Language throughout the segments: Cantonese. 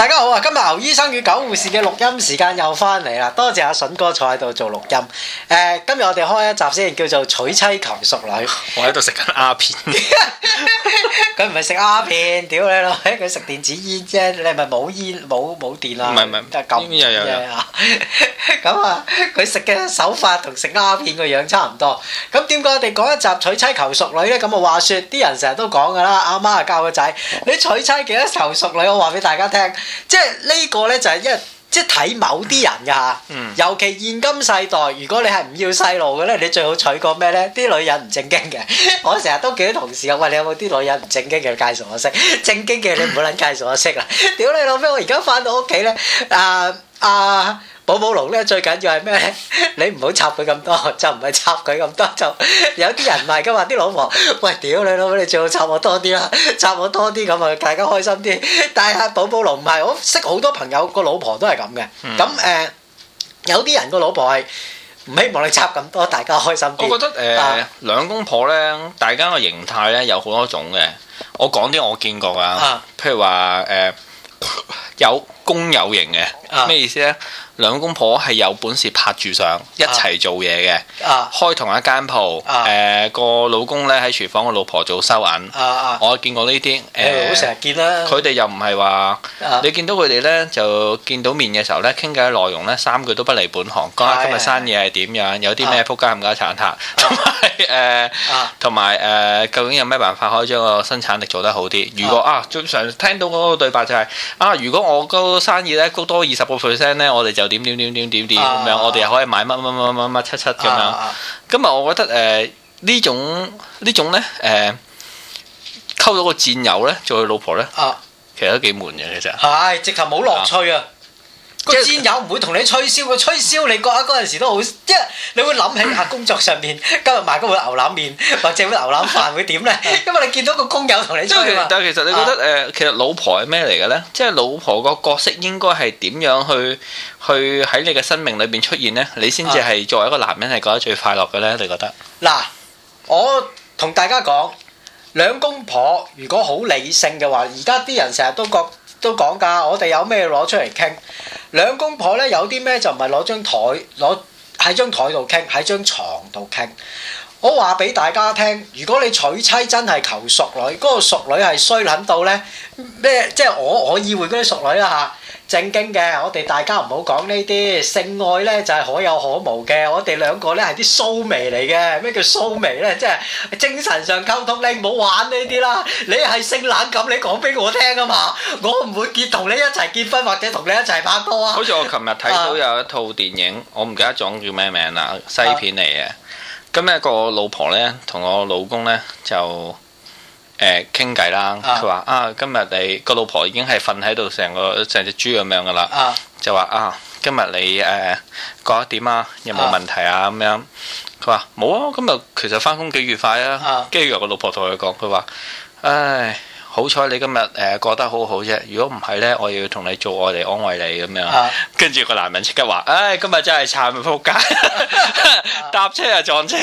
大家好啊！今日牛醫生與狗護士嘅錄音時間又翻嚟啦，多謝阿、啊、筍哥坐喺度做錄音。誒、呃，今日我哋開一集先，叫做娶妻求淑女。我喺度食緊鴉片。佢唔係食鴉片，屌你老嘿！佢食電子煙啫，你係咪冇煙冇冇電啊？唔係唔係，咁又有有。咁 啊，佢食嘅手法同食鴉片個樣差唔多。咁點解我哋講一集娶妻求淑女呢？咁啊，話說啲人成日都講噶啦，阿媽啊教個仔，你娶妻幾多求淑女？我話俾大家聽。即係呢個呢，就係因為即係睇某啲人㗎嚇，尤其現今世代，如果你係唔要細路嘅呢，你最好娶個咩呢？啲女人唔正經嘅。 我成日都見啲同事咁問，你有冇啲女人唔正經嘅介紹我識，正經嘅你唔好撚介紹我識啦，屌你老味！我而家翻到屋企呢。啊、呃、啊！寶寶龍咧，最緊要係咩？ 你唔好插佢咁多，就唔係插佢咁多就有。有啲人唔係噶嘛，啲老婆喂屌 你老母，你最好插我多啲啦，插我多啲咁啊，大家開心啲。但係啊，寶寶龍唔係，我識好多朋友個老婆都係咁嘅。咁誒、嗯呃，有啲人個老婆係唔希望你插咁多，大家開心。我覺得誒，兩公婆咧，大家嘅形態咧有好多種嘅。我講啲我見過噶，譬、呃、如話誒、呃呃、有。公有型嘅咩意思咧？兩公婆係有本事拍住上，一齊做嘢嘅，開同一間鋪。誒個老公咧喺廚房，個老婆做收銀。我見過呢啲誒，好成日見啦。佢哋又唔係話你見到佢哋咧，就見到面嘅時候咧，傾偈嘅內容咧，三句都不離本行，講下今日生意係點樣，有啲咩撲街冚家鏟客，同埋誒，同埋誒，究竟有咩辦法可以將個生產力做得好啲？如果啊，最常聽到嗰個對白就係啊，如果我個生意咧高多二十個 percent 咧，我哋就點點點點點點咁樣，我哋又可以買乜乜乜乜乜七七咁樣。咁啊，啊我覺得誒呢、呃、種、種呢種咧誒溝到個戰友咧做佢老婆咧、啊，其實都幾悶嘅其實。係、啊哎、直頭冇樂趣啊，啊！啊個戰友唔會同你吹嘘，個吹嘘你覺得嗰陣時都好，即係你會諗起下工作上面今日買嗰碗牛腩麵或者碗牛腩飯會點咧？因為你見到個工友同你吹。即係，但係其實你覺得誒，其實老婆係咩嚟嘅咧？即係老婆個角色應該係點樣去去喺你嘅生命裏邊出現咧？你先至係作為一個男人係覺得最快樂嘅咧？你覺得？嗱，我同大家講，兩公婆如果好理性嘅話，而家啲人成日都覺都講噶，我哋有咩攞出嚟傾。兩公婆呢，有啲咩就唔係攞張枱攞喺張枱度傾，喺張床度傾。我話俾大家聽，如果你娶妻真係求淑女，嗰個淑女係衰撚到咧咩？即係我我以為嗰啲淑女啦嚇，正經嘅。我哋大家唔好講呢啲性愛咧，就係可有可無嘅。我哋兩個咧係啲蘇眉嚟嘅。咩叫蘇眉咧？即係精神上溝通，你，唔好玩呢啲啦。你係性冷感，你講俾我聽啊嘛。我唔會結同你一齊結婚或者同你一齊拍拖啊。好似我琴日睇到有一套電影，我唔記得咗叫咩名啦，西片嚟嘅。今日個老婆咧，同我老公咧就誒傾偈啦。佢、呃、話啊，啊，今日你個老婆已經係瞓喺度成個成隻豬咁樣噶啦。啊、就話啊，今日你誒覺得點啊？有冇問題啊？咁樣佢話冇啊。今日其實翻工幾愉快啊。跟住有個老婆同佢講，佢話唉。好彩你今日誒、呃、過得好好啫，如果唔係咧，我要同你做愛嚟安慰你咁樣，樣。跟住、啊、個男人即刻話，唉，今日真係慘到撲街，啊、 搭車又撞車，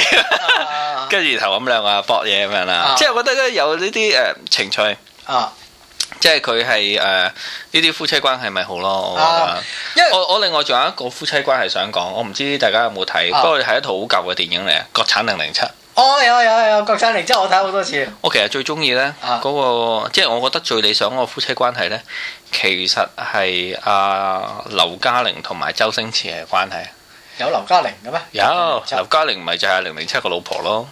跟住、啊、 頭咁兩個搏嘢咁樣啦。啊、即係我覺得咧有呢啲誒情趣，啊、即係佢係誒呢啲夫妻關係咪好咯。啊、我為我另外仲有一個夫妻關係想講，我唔知大家有冇睇，不過係一套好舊嘅電影嚟，國產零零七。哦，有有有國產玲，即係我睇好多次。我其實最中意咧，嗰個即係我覺得最理想嗰個夫妻關係咧，其實係阿劉嘉玲同埋周星馳嘅關係。有劉嘉玲嘅咩？有劉嘉玲唔咪就係《零零七》個老婆咯，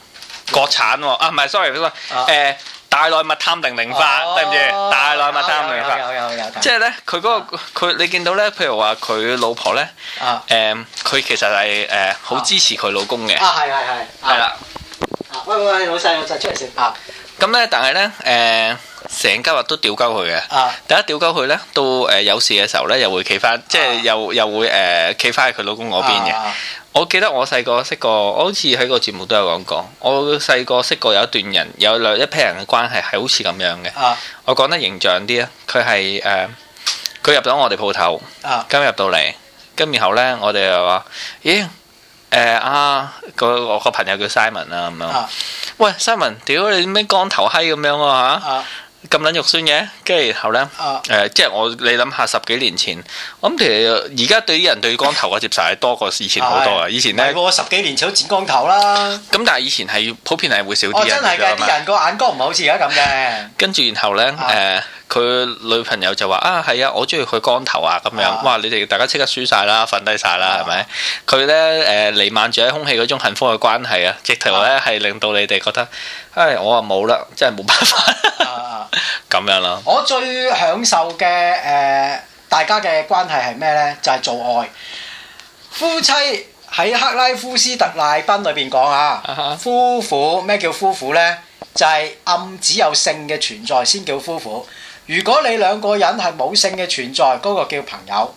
國產喎。啊，唔係，sorry，sorry，誒，《大內密探零零發》，對唔住，《大內密探零零發》，有有有。即係咧，佢嗰個佢，你見到咧，譬如話佢老婆咧，誒，佢其實係誒好支持佢老公嘅。啊，係係係。係啦。喂喂，老細老細出嚟先啊！咁咧，但係咧，誒，成家話都屌鳩佢嘅啊！第一屌鳩佢咧，到誒有事嘅時候咧，又會企翻，即係又又會誒企翻喺佢老公嗰邊嘅。我記得我細個識過，我好似喺個節目都有講過，我細個識過有一段人有兩一批人嘅關係係好似咁樣嘅啊！我講得形象啲啊，佢係誒，佢入咗我哋鋪頭啊，今日入到嚟，跟住後咧我哋又話，咦？誒啊！個我個朋友叫 Simon，啊 Simon 啊，咁樣、啊。喂，Simon，屌你咩光頭閪咁樣啊嚇，咁撚肉酸嘅，跟住後咧誒，即係我你諗下十幾年前，我諗其實而家對啲人對光頭嘅接受係多過以前好多啊。哎、以前咧、哎，十幾年前剪光頭啦。咁但係以前係普遍係會少啲、哦、人真係㗎，啲、啊、人個眼光唔係好似而家咁嘅。跟住然後咧誒。 呢 佢女朋友就話啊係啊，我中意佢光頭啊咁樣，啊、哇！你哋大家即刻輸晒啦，瞓低晒啦，係咪、啊？佢咧誒，彌漫、呃、住喺空氣嗰種幸福嘅關係啊，直頭咧係令到你哋覺得，唉、哎，我啊冇啦，真係冇辦法，咁、啊、樣啦。我最享受嘅誒、呃，大家嘅關係係咩咧？就係、是、做愛。夫妻喺《克拉夫斯特賴賓》裏邊講啊，啊夫婦咩叫夫婦咧？就係、是、暗指有性嘅存在先叫夫婦。如果你兩個人係冇性嘅存在，嗰個叫朋友。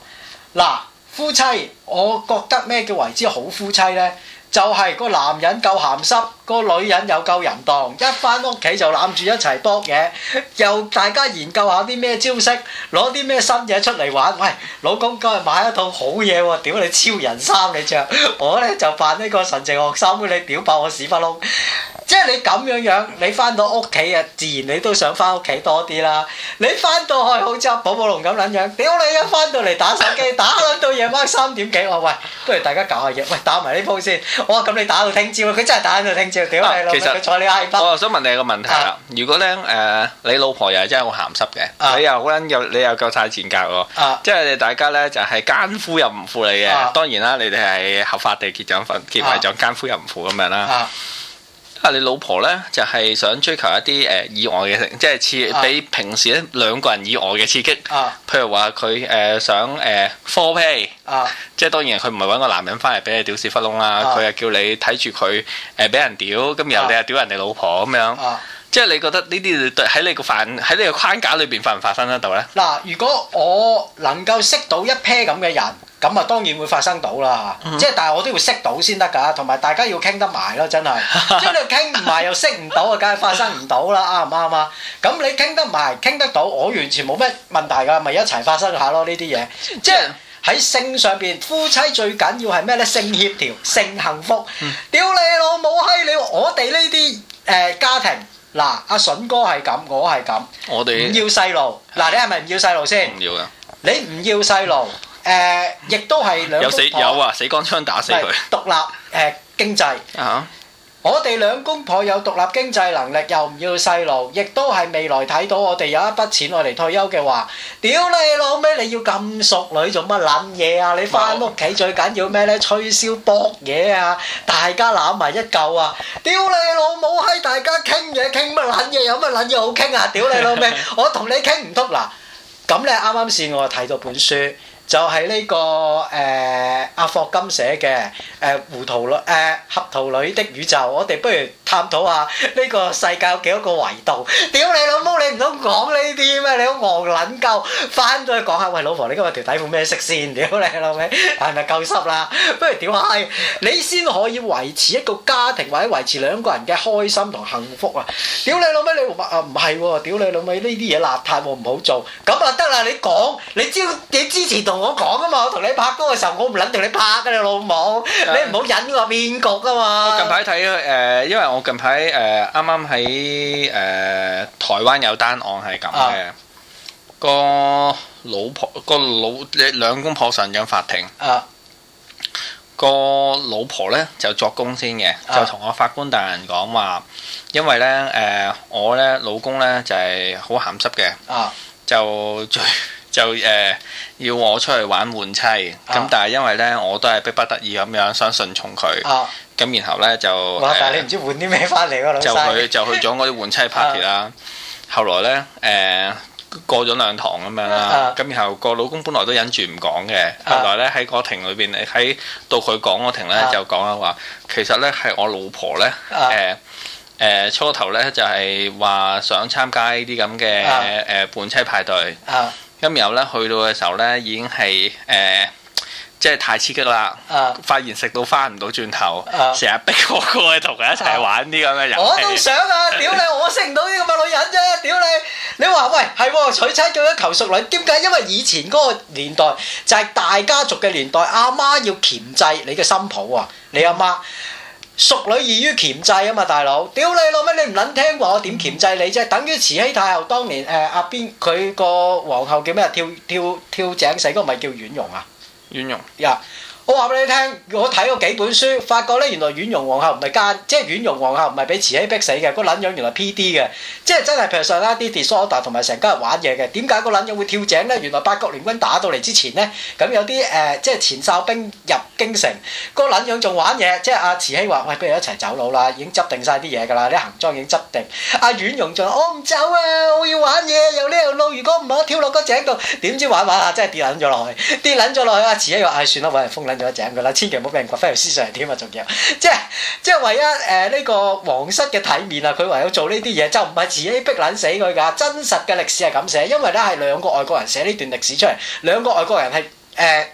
嗱，夫妻，我覺得咩叫為之好夫妻呢？就係個男人夠鹹濕，個女人又夠淫蕩，一翻屋企就攬住一齊搏嘢，又大家研究下啲咩招式，攞啲咩新嘢出嚟玩。喂，老公今日買一套好嘢喎，屌你超人衫你著，我呢就扮呢個純情學生，你屌爆我屎忽窿！即係你咁樣樣，你翻到屋企啊，自然你都想翻屋企多啲啦。你翻到去好似，寶寶龍咁撚樣，屌你一翻到嚟打手機，打到夜晚三點幾。我喂，不如大家搞下嘢，喂打埋呢鋪先。哇，咁你打到聽朝佢真係打到聽朝，屌你老味。佢、啊、坐你 I 包。我話想問你一個問題啦。啊、如果咧誒、呃，你老婆又真係好鹹濕嘅，你又撚又你又夠晒賤格喎，即係大家咧就係、是、奸夫又唔負你嘅。啊、當然啦，你哋係合法地結咗婚，結埋咗奸夫又唔負咁樣啦。啊啊啊啊！你老婆咧就係、是、想追求一啲誒意外嘅，即係似比平時咧兩個人以外嘅刺激。啊，譬如話佢誒想誒 four pay。呃、ay，啊，即係當然佢唔係搵個男人返嚟俾你屌屎忽窿啦，佢又、啊、叫你睇住佢誒俾人屌，咁然後你又屌人哋老婆咁樣。啊，即係你覺得呢啲喺你個範喺你個框架裏邊發唔發生得到咧？嗱，如果我能夠識到一批咁嘅人。咁啊，當然會發生到啦嚇，即係但係我都要識到先得㗎，同埋大家要傾得埋咯，真係。即係你傾唔埋又識唔到啊，梗係發生唔到啦，啱唔啱啊？咁你傾得埋傾得到，我完全冇咩問題㗎，咪一齊發生下咯呢啲嘢。即係喺性上邊，夫妻最緊要係咩咧？性協調、性幸福。屌你老母閪！你我哋呢啲誒家庭，嗱阿筍哥係咁，我係咁，我哋唔要細路。嗱，你係咪唔要細路先？唔要呀。你唔要細路。誒，亦都係兩公婆有死有啊，死光槍打死佢。獨立誒經濟，我哋兩公婆有獨立經濟能力，又唔要細路，亦都係未來睇到我哋有一筆錢我嚟退休嘅話，屌你老味，你要咁淑女做乜撚嘢啊？你翻屋企最緊要咩咧？吹簫博嘢啊！大家攬埋一嚿啊！屌你老母閪！大家傾嘢傾乜撚嘢？有乜撚嘢好傾啊？屌你老味！我同你傾唔通嗱，咁你啱啱先我睇到本書。就係呢個誒阿霍金寫嘅誒胡桃誒合桃裡的宇宙，我哋不如探討下呢個世界有幾多個維度？屌你老母！你唔通講呢啲咩？你好戇撚鳩，翻咗去講下喂，老婆，你今日條底褲咩色先？屌你老味，係咪夠濕啦？不如屌下閪，你先可以維持一個家庭或者維持兩個人嘅開心同幸福啊！屌你老味，你啊唔係喎！屌你老味，呢啲嘢邋遢喎，唔好做。咁啊得啦，你講，你只要你支持到。我講啊嘛，我同你拍拖嘅時候，我唔撚同你拍嘅你老母，你唔好引我變局啊嘛！我近排睇誒，因為我近排誒啱啱喺誒台灣有單案係咁嘅，個老婆個老兩公婆上緊法庭啊，個老婆咧就作供先嘅，就同個法官大人講話，因為咧誒我咧老公咧就係好鹹濕嘅啊，就最。就誒要我出去玩換妻咁，但係因為咧我都係迫不得已咁樣想順從佢咁，然後咧就我，但係你唔知換啲咩翻嚟喎，佢就去就去咗嗰啲換妻 party 啦。後來咧誒過咗兩堂咁樣啦，咁然後個老公本來都忍住唔講嘅，後來咧喺個庭裏邊喺到佢講嗰庭咧就講啦話，其實咧係我老婆咧誒誒初頭咧就係話想參加呢啲咁嘅誒換妻派對啊。今日後咧，去到嘅時候咧，已經係誒、呃，即係太刺激啦！啊、發現食到翻唔到轉頭，成日、啊、逼我過去同佢一齊玩啲咁嘅人、啊。我都想啊！屌 你，我識唔到啲咁嘅女人啫！屌你，你話喂係娶、哦、妻叫咗求淑女，點解？因為以前嗰個年代就係、是、大家族嘅年代，阿媽要鉗制你嘅新抱啊，你阿媽。淑女易於鉗制啊嘛，大佬，屌你老咩！你唔撚聽話，我點鉗制你啫，等於慈禧太后當年誒阿、呃、邊佢個皇后叫咩？跳跳跳井死嗰個咪叫婉容啊，婉容、yeah. 我話俾你聽，我睇過幾本書，發覺呢原來婉容皇后唔係奸，即係婉容皇后唔係俾慈禧逼死嘅，個撚樣原來 P.D. 嘅，即係真係譬如上翻啲迪士尼同埋成家玩嘢嘅，點解個撚樣會跳井呢？原來八國聯軍打到嚟之前呢，咁有啲誒、呃，即係前哨兵入京城，個撚樣仲玩嘢，即係阿慈禧話：喂，不如一齊走佬啦，已經執定晒啲嘢㗎啦，啲行裝已經執定。阿婉容仲：「我唔走啊，我要玩嘢，由呢條路，如果唔係我跳落個井度，點知玩玩、啊、下真係跌撚咗落去，跌撚咗落去。阿慈禧話：唉，算啦，揾、啊、人封撚。正嘅啦，千祈唔好俾人刮翻條思想添啊！仲有，即係即係唯一誒呢、呃這個皇室嘅體面啊！佢唯有做呢啲嘢，就唔係自己逼撚死佢㗎。真實嘅歷史係咁寫，因為咧係兩個外國人寫呢段歷史出嚟，兩個外國人係誒、呃、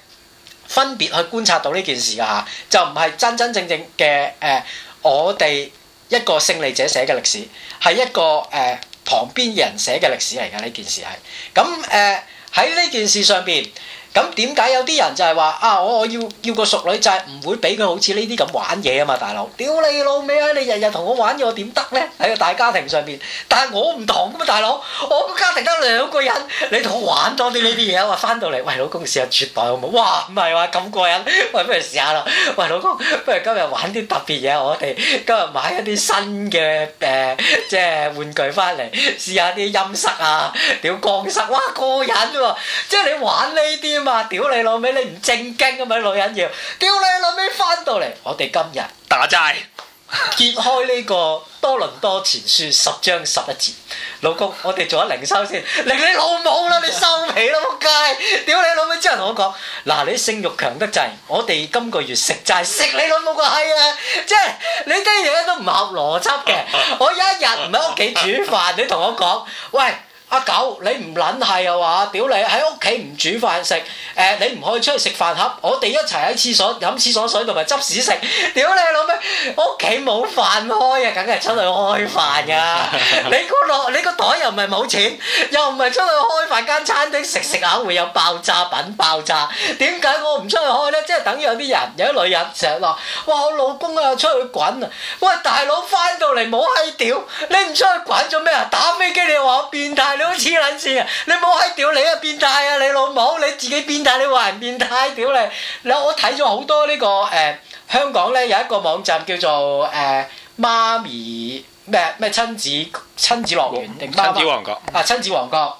分別去觀察到呢件事㗎嚇，就唔係真真正正嘅誒、呃、我哋一個勝利者寫嘅歷史，係一個誒、呃、旁邊人寫嘅歷史嚟嘅呢件事係。咁誒喺呢件事上邊。咁點解有啲人就係話啊，我我要要個淑女就係唔會俾佢好似呢啲咁玩嘢啊嘛，大佬！屌你老味啊！你日日同我玩嘢，我點得呢？喺個大家庭上面，但係我唔同噶嘛，大佬！我個家庭得兩個人，你同我玩多啲呢啲嘢啊！我翻到嚟，喂老公試下絕代好唔好？哇唔係話咁過癮，喂不如試下啦！喂老公，不如今日玩啲特別嘢，我哋今日買一啲新嘅誒，即係玩具翻嚟試下啲音色啊！屌降色，哇過癮喎！即係你玩呢啲。屌你老味，你唔正經啊嘛，女人要，屌你老味翻到嚟，我哋今日打齋架揭開呢個多倫多前書十章十一節。老公，我哋做下零收先，零你老母啦，你收皮啦，仆街！屌你，你老味，之後同我講，嗱， 你性欲強得滯，我哋今個月食齋食你老母個閪啊！即係你啲嘢都唔合邏輯嘅，我一日唔喺屋企煮飯，你同我講，喂。阿狗，你唔撚係又話屌你喺屋企唔煮飯食？誒，你唔可以出去食飯盒。我哋一齊喺廁所飲廁所水同埋執屎食。屌你老味，屋企冇飯開啊，梗係出去開飯噶。你個袋你個袋又唔係冇錢，又唔係出去開飯間餐廳食食下會有爆炸品爆炸。點解我唔出去開呢？即係等於有啲人，有啲女人成日話，哇，我老公啊出去滾啊！喂，大佬翻到嚟冇閪屌，你唔出去滾做咩啊？打飛機你話我變態。好似撚線啊！你冇閪屌你啊，變態啊你老母，你自己變態，你話人變態，屌你！我睇咗好多呢、這個誒、呃、香港咧有一個網站叫做誒、呃、媽咪咩咩親子、親子樂園定親子王國啊，親子王國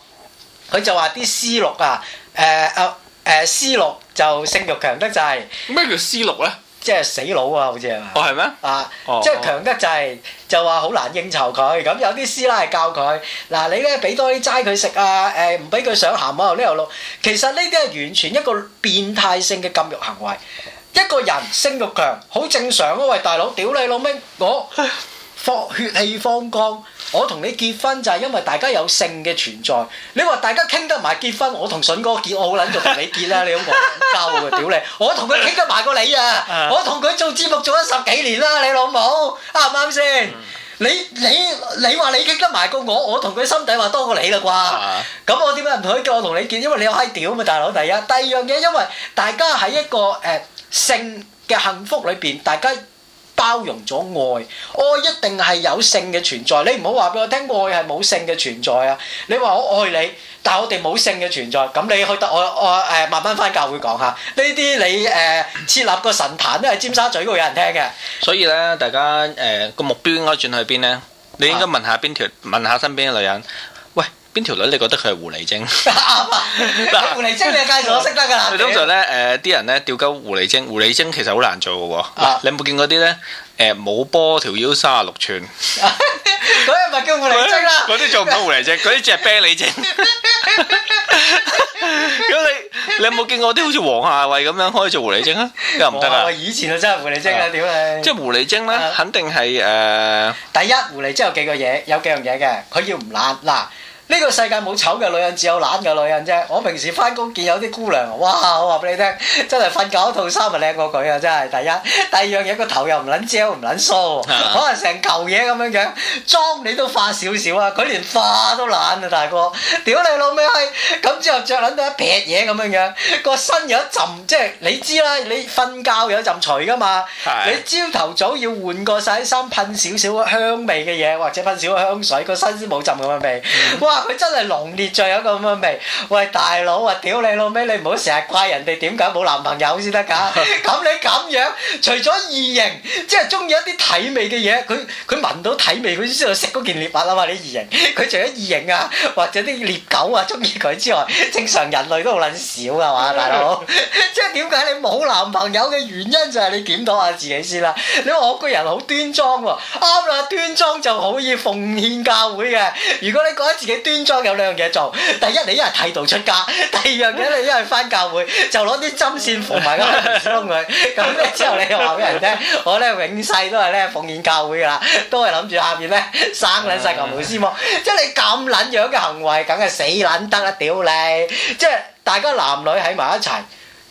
佢就話啲 C 六啊誒啊誒 C 六就性慾強得滯、就、咩、是、叫 C 六咧？即係死佬啊，好似係嘛？哦，係咩？啊，即係強得滯、就係，哦、就話好難應酬佢。咁、嗯、有啲師奶係教佢嗱，你咧俾多啲齋佢食啊，誒唔俾佢上鹹啊。」呢條路。其實呢啲係完全一個變態性嘅禁欲行為。嗯、一個人性欲強，好正常啊！喂，大佬，屌你老味，我放唉血氣方剛。我同你結婚就係因為大家有性嘅存在。你話大家傾得埋結婚，我同筍哥結，我好撚就同你結啦！你好戇鳩啊，屌你！我同佢傾得埋過你啊！我同佢做節目做咗十幾年啦，你老母啊，啱唔啱先？你你你話你傾得埋過我，我同佢心底話多過你啦啩？咁我點解唔可以叫我同你結？因為你有閪屌啊嘛，大佬第一。第二樣嘢因為大家喺一個誒性嘅幸福裏邊，大家。包容咗愛，愛一定係有性嘅存在。你唔好話俾我聽，愛係冇性嘅存在啊！你話我愛你，但係我哋冇性嘅存在。咁你去我我誒、呃、慢慢返教會講下呢啲，你誒、呃、設立個神壇都係尖沙咀嗰度有人聽嘅。所以咧，大家誒個、呃、目標應該轉去邊咧？你應該問下邊條，問下身邊嘅女人。啊啊邊條女你覺得佢係狐狸精？啱狐狸精你介紹我識得噶啦。通常咧，誒，啲人咧吊鳩狐狸精，狐狸精其實好難做嘅。你有冇見過啲咧？誒，冇波條腰三啊六寸，嗰啲咪叫狐狸精啦。嗰啲做唔到狐狸精，嗰啲只係啤梨精。咁你你有冇見過啲好似黃夏慧咁樣可以做狐狸精啊？又唔得啊！以前就真係狐狸精啊，屌你！即係狐狸精咧，肯定係誒。第一，狐狸精有幾個嘢，有幾樣嘢嘅，佢要唔辣嗱。呢個世界冇醜嘅女人，只有懶嘅女人啫。我平時翻工見有啲姑娘，哇！我話俾你聽，真係瞓覺一套衫咪靚過佢啊！真係第一，第二樣嘢，個頭又唔撚焦唔撚梳，的可能成嚿嘢咁樣樣，妝你都化少少啊。佢連化都懶啊，大哥！屌你老味閪，咁之後着撚到一撇嘢咁樣樣，個身有一陣即係你知啦，你瞓覺有陣除噶嘛。的你朝頭早要換個晒衫，噴少少香味嘅嘢，或者噴少香水，個身先冇浸咁樣味。嗯佢真係濃烈，仲有個咁嘅味。喂，大佬啊，屌你老味，你唔好成日怪人哋點解冇男朋友先得㗎。咁你咁樣，除咗異形，即係中意一啲體味嘅嘢，佢佢聞到體味，佢先知道食嗰件獵物啊嘛。你異形，佢除咗異形啊，或者啲獵狗啊中意佢之外，正常人類都好撚少㗎嘛，大佬。 即係點解你冇男朋友嘅原因就係你檢討下自己先啦。你話我個人好端莊喎，啊，啱啦，端莊就可以奉獻教會嘅。如果你覺得自己，端莊有兩樣嘢做，第一你一係剃度出家，第二樣嘢你一係翻教會 就攞啲針線縫埋個頭梳佢。咁 之後你又話畀人聽，我咧永世都係咧奉獻教會㗎啦，都係諗住下邊咧生撚曬牛毛絲毛。 即係你咁撚樣嘅行為，梗係死撚得啦！屌你！即係大家男女喺埋一齊。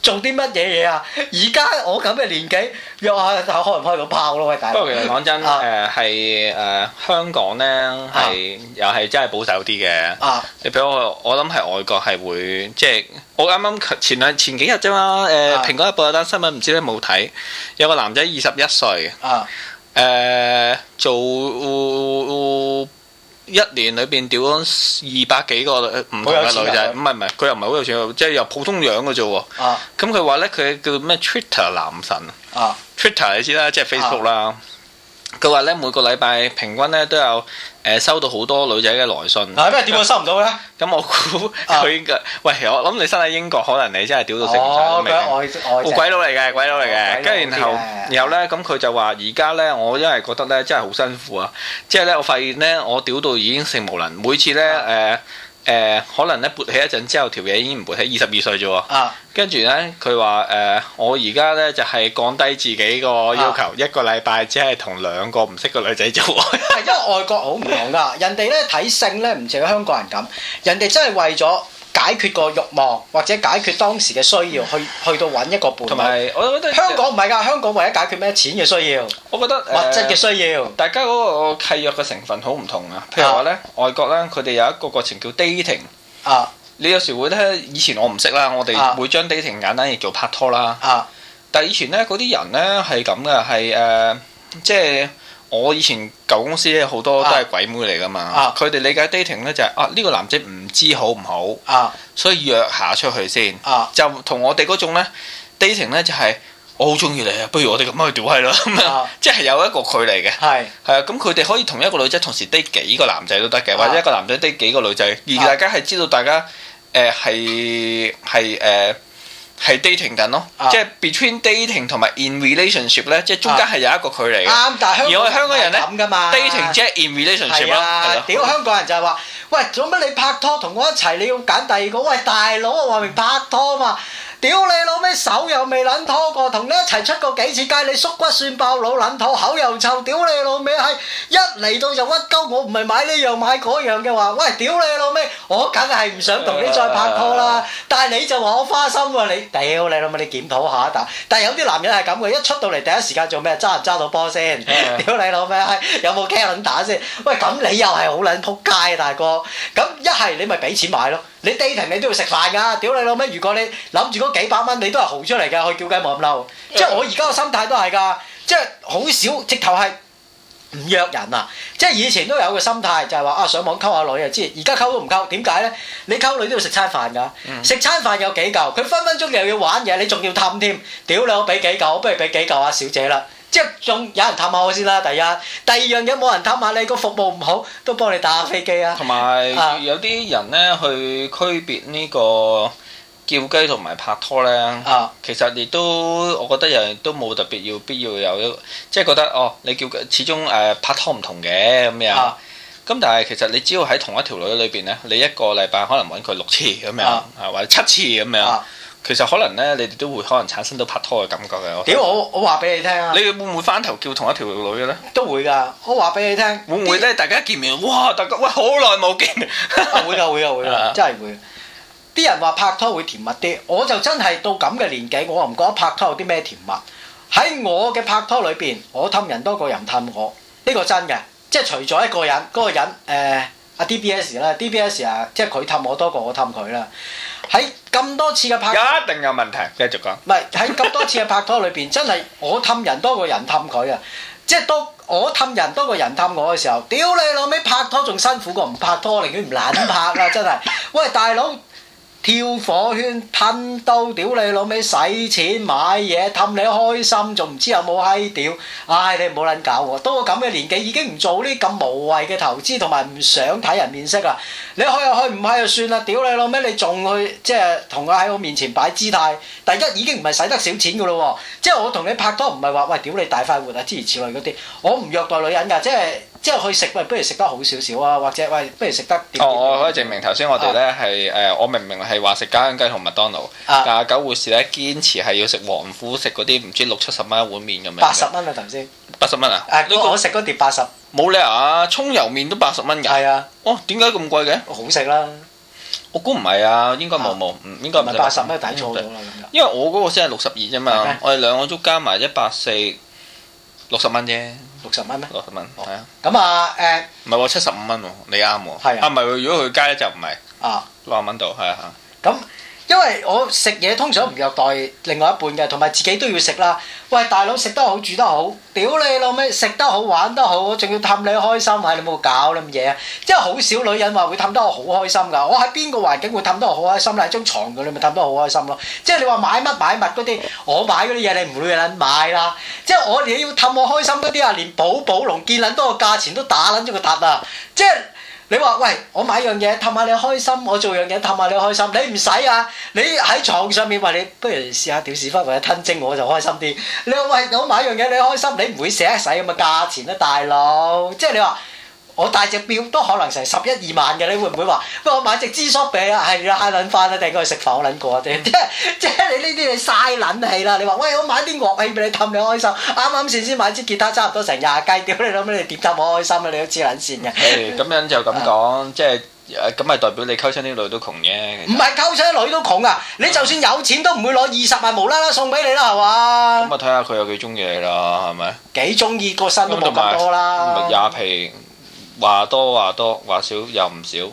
做啲乜嘢嘢啊？而家我咁嘅年紀，又係喺開唔開到炮咯？喂， 大哥、uh，呃。不過其實講真，誒係誒香港咧，係、uh. 又係真係保守啲嘅。Uh. 你俾我我諗係外國係會即係我啱啱前兩前幾日啫嘛，誒、呃《uh. 蘋果日報》有單新聞，唔知你冇睇，有個男仔二十一歲，誒、uh. 呃、做。呃呃呃呃一年裏邊屌咗二百幾個唔同嘅女仔，唔係唔係，佢又唔係好有錢，即係又普通樣嘅啫喎。咁佢話呢，佢叫咩 Twitter 男神啊？Twitter 你知啦，即係 Facebook 啦。佢話呢，每個禮拜平均呢都有。誒收到好多女仔嘅來信，嚇咩點解收唔到咧？咁我估佢應該，喂我諗你身喺英國，可能你真係屌到食唔曬咁鬼佬嚟嘅，鬼佬嚟嘅，跟住、哦、然後然後咧，咁佢就話而家咧，我因為覺得咧，真係好辛苦啊，即係咧，我發現咧，我屌到已經性無能，每次咧誒。啊呃誒、呃、可能咧勃起一陣之後條嘢已經唔勃起，二十二歲啫喎。啊，跟住咧佢話誒，我而家咧就係、是、降低自己個要求，啊、一個禮拜只係同兩個唔識嘅女仔做。啊、 係，因為外國好唔同㗎， 人哋咧睇性咧唔似香港人咁，人哋真係為咗。解決個慾望或者解決當時嘅需要，去去到揾一個伴。同埋，我覺得香港唔係噶，香港為咗解決咩？錢嘅需要。我覺得物質嘅需要。呃、大家嗰個契約嘅成分好唔同啊。譬如話咧，啊、外國咧，佢哋有一個過程叫 dating。啊，你有時會咧，以前我唔識啦，我哋會將 dating 簡單嘢做拍拖啦。啊，但係以前咧，嗰啲人咧係咁嘅，係誒、呃，即係。我以前舊公司咧，好多都係鬼妹嚟噶嘛。佢哋、啊、理解 dating 咧就係、是、啊呢、呢個男仔唔知好唔好，啊、所以約下出去先。啊、就同我哋嗰種咧 dating 咧就係、是、我好中意你啊，不如我哋咁去調閪啦，即係有一個距離嘅係係啊。咁佢哋可以同一個女仔同時 date 幾個男仔都得嘅，啊、或者一個男仔 date 幾個女仔，而大家係知道大家誒係係誒。呃係 dating 緊咯，uh, 即係 between dating 同埋 in relationship 咧，uh, 即係中間係有一個距離。啱，但係香而我哋香港人咧，咁噶嘛 dating 即係 in relationship。係屌香港人就係話，喂，做乜你拍拖同我一齊，你要揀第二個？喂，大佬啊，話明拍拖啊嘛。嗯屌你老味，手又未撚拖過，同你一齊出過幾次街，你縮骨算爆老撚套，口又臭，屌你老味，係一嚟到就屈鳩我，唔係買呢樣買嗰樣嘅話，喂，屌你老味，我梗係唔想同你再拍拖啦，但係你就話我花心喎，你屌你老味，你檢討下得，但係有啲男人係咁嘅，一出到嚟第一時間做咩啊？揸唔揸到波先？屌你老味，有冇卡撚打先？喂，咁你又係好撚撲街啊，大哥，咁一係你咪俾錢買咯。你 dating 你都要食飯㗎，屌你老味！如果你諗住嗰幾百蚊，你都係豪出嚟㗎，去叫雞冇咁嬲。即係我而家個心態都係㗎，即係好少直頭係。唔約人啊！即係以前都有個心態就，就係話啊上網溝下女啊知，而家溝都唔溝，點解呢？你溝女都要食餐飯㗎，嗯、食餐飯有幾嚿？佢分分鐘又要玩嘢，你仲要氹添？屌你我俾幾嚿？我不如俾幾嚿啊小姐啦！即係仲有人氹下我先啦，啊，第一，第二樣嘢冇人氹下你個服務唔好都幫你打下飛機啊！同埋有啲人呢，去區別呢、呢個。叫雞同埋拍拖咧，其實你都我覺得人都冇特別要必要有一，即係覺得哦，你叫始終誒拍拖唔同嘅咁樣。咁但係其實你只要喺同一條女裏邊咧，你一個禮拜可能揾佢六次咁樣，或者七次咁樣，其實可能咧你哋都會可能產生到拍拖嘅感覺嘅。我我話俾你聽啊，你會唔會翻頭叫同一條女嘅咧？都會㗎，我話俾你聽，會唔會咧？大家見面，哇！大家，喂，好耐冇見，會㗎，會㗎，會㗎，真係會。啲人話拍拖會甜蜜啲，我就真係到咁嘅年紀，我唔覺得拍拖有啲咩甜蜜。喺我嘅拍拖裏邊，我氹人多過人氹我，呢、這個真嘅。即係除咗一個人，嗰、那個人誒阿、欸、D B S 啦，D B S 啊，即係佢氹我多過我氹佢啦。喺咁多次嘅拍拖一定有問題。繼續講，唔係喺咁多次嘅拍拖裏邊，真係我氹人多過人氹佢啊！即係當我氹人多過人氹我嘅時候，屌你老味，拍拖仲辛苦過唔拍拖，寧願唔撚拍啊！真係，喂大佬。跳火圈、吞刀，屌你老味！使錢買嘢，氹你開心，仲唔知有冇閪屌！唉，你唔好撚搞喎！到我咁嘅年紀，已經唔做呢啲咁無謂嘅投資，同埋唔想睇人面色啦！你去就去，唔去就算啦！屌你老味，你仲去即係同佢喺我面前擺姿態？第一已經唔係使得少錢噶咯喎！即係我同你拍拖唔係話喂，屌你大快活啊諸如此類嗰啲，我唔虐待女人㗎，即係。即係去食喂，不如食得好少少啊，或者喂，不如食得點。哦，我可以證明頭先我哋咧係誒，我明明係話食家鄉雞同麥當勞？但係九護士咧堅持係要食王府食嗰啲唔知六七十蚊一碗麵咁樣。八十蚊啊，頭先八十蚊啊？誒，我我食嗰碟八十。冇理由啊，葱油麵都八十蚊㗎。係啊，哦，點解咁貴嘅？好食啦！我估唔係啊，應該冇冇，唔應該唔係八十蚊底錯咗啦，因為我嗰個先係六十二啫嘛，我哋兩個都加埋一百四，六十蚊啫。六十蚊咩？六十蚊，係啊。咁啊，誒，唔係喎，七十五蚊喎，你啱喎。係啊，唔係喎，如果佢街咧就唔係。啊，六十蚊度，係啊，係。咁。因為我食嘢通常唔虐待另外一半嘅，同埋自己都要食啦。喂，大佬食得好住得好，屌你老味食得好玩得好，仲要氹你開心，係、哎、你冇搞啲咁嘢啊！即係好少女人話會氹得我好開心噶。我喺邊個環境會氹得我好開心咧？喺張床度你咪氹得我好開心咯。即係你話買乜買物嗰啲，我買嗰啲嘢你唔會撚買啦。即係我哋要氹我開心嗰啲啊，連寶寶龍見撚多個價錢都打撚咗佢揼啊！即係。你話喂，我買樣嘢氹下你開心，我做樣嘢氹下你開心，你唔使啊！你喺床上面話你，不如試下屌屎忽或者吞精，我就開心啲。你話喂，我買樣嘢你開心，你唔會捨得使咁嘅價錢啊，大佬！即係你話。我戴隻表都可能成十一二萬嘅，你會唔會話？喂，我買隻 G-Shock 俾你啊，係啦，慳撚返啦，定係去食飯好撚過啊？即即你呢啲你嘥撚氣啦！你話喂，我買啲樂器俾你氹你開心，啱啱先先買支吉他，差唔多成廿雞，屌，你諗咩？你點氹我開心啊？你都黐撚線嘅。咁樣就咁講，即係咁咪代表你溝親啲女都窮嘅。唔係溝親啲女都窮啊！你就算有錢都唔會攞二十萬無啦啦送俾你啦，係嘛？咁啊，睇下佢有幾中意你啦，係咪？幾中意個身都冇咁多啦。廿皮。話多話多話少又唔少。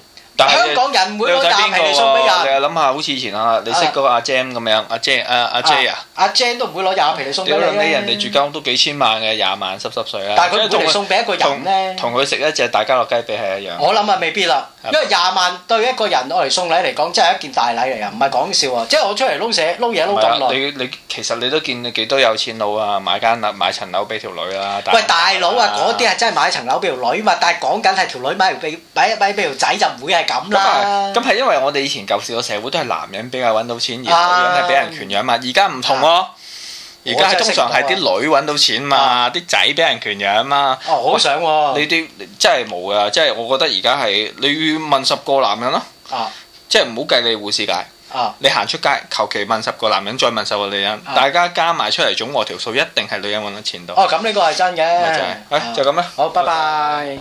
香港人唔會攞廿皮嚟送俾人。你諗下，好似以前啊，你識嗰個阿 Gem 咁樣，阿 Gem 阿阿 Gem 啊，阿 Gem 都唔會攞廿皮嚟送俾人。你人哋住間屋都幾千萬嘅，廿萬濕濕碎啦。但係佢仲係送俾一個人咧，同佢食一隻大家樂雞髀係一樣。我諗啊，未必啦，因為廿萬對一個人攞嚟送禮嚟講，真係一件大禮嚟啊，唔係講笑啊。即係我出嚟撈嘢撈嘢撈咁耐。你你其實你都見你幾多有錢佬啊？買間樓買層樓俾條女啊？喂大佬啊，嗰啲係真係買層樓俾條女嘛，但係講緊係條女買條俾買買俾條仔就唔會係。咁啦，咁係因為我哋以前舊時個社會都係男人比較揾到錢，而女人係俾人權養嘛。而家唔同咯，而家通常係啲女揾到錢嘛，啲仔俾人權養嘛。哦，我想你啲真係冇噶，即係我覺得而家係你要問十個男人咯，即係唔好計你護士界，你行出街求其問十個男人，再問十個女人，大家加埋出嚟總和條數，一定係女人揾到錢到。哦，咁呢個係真嘅。係就咁啦。好，拜拜。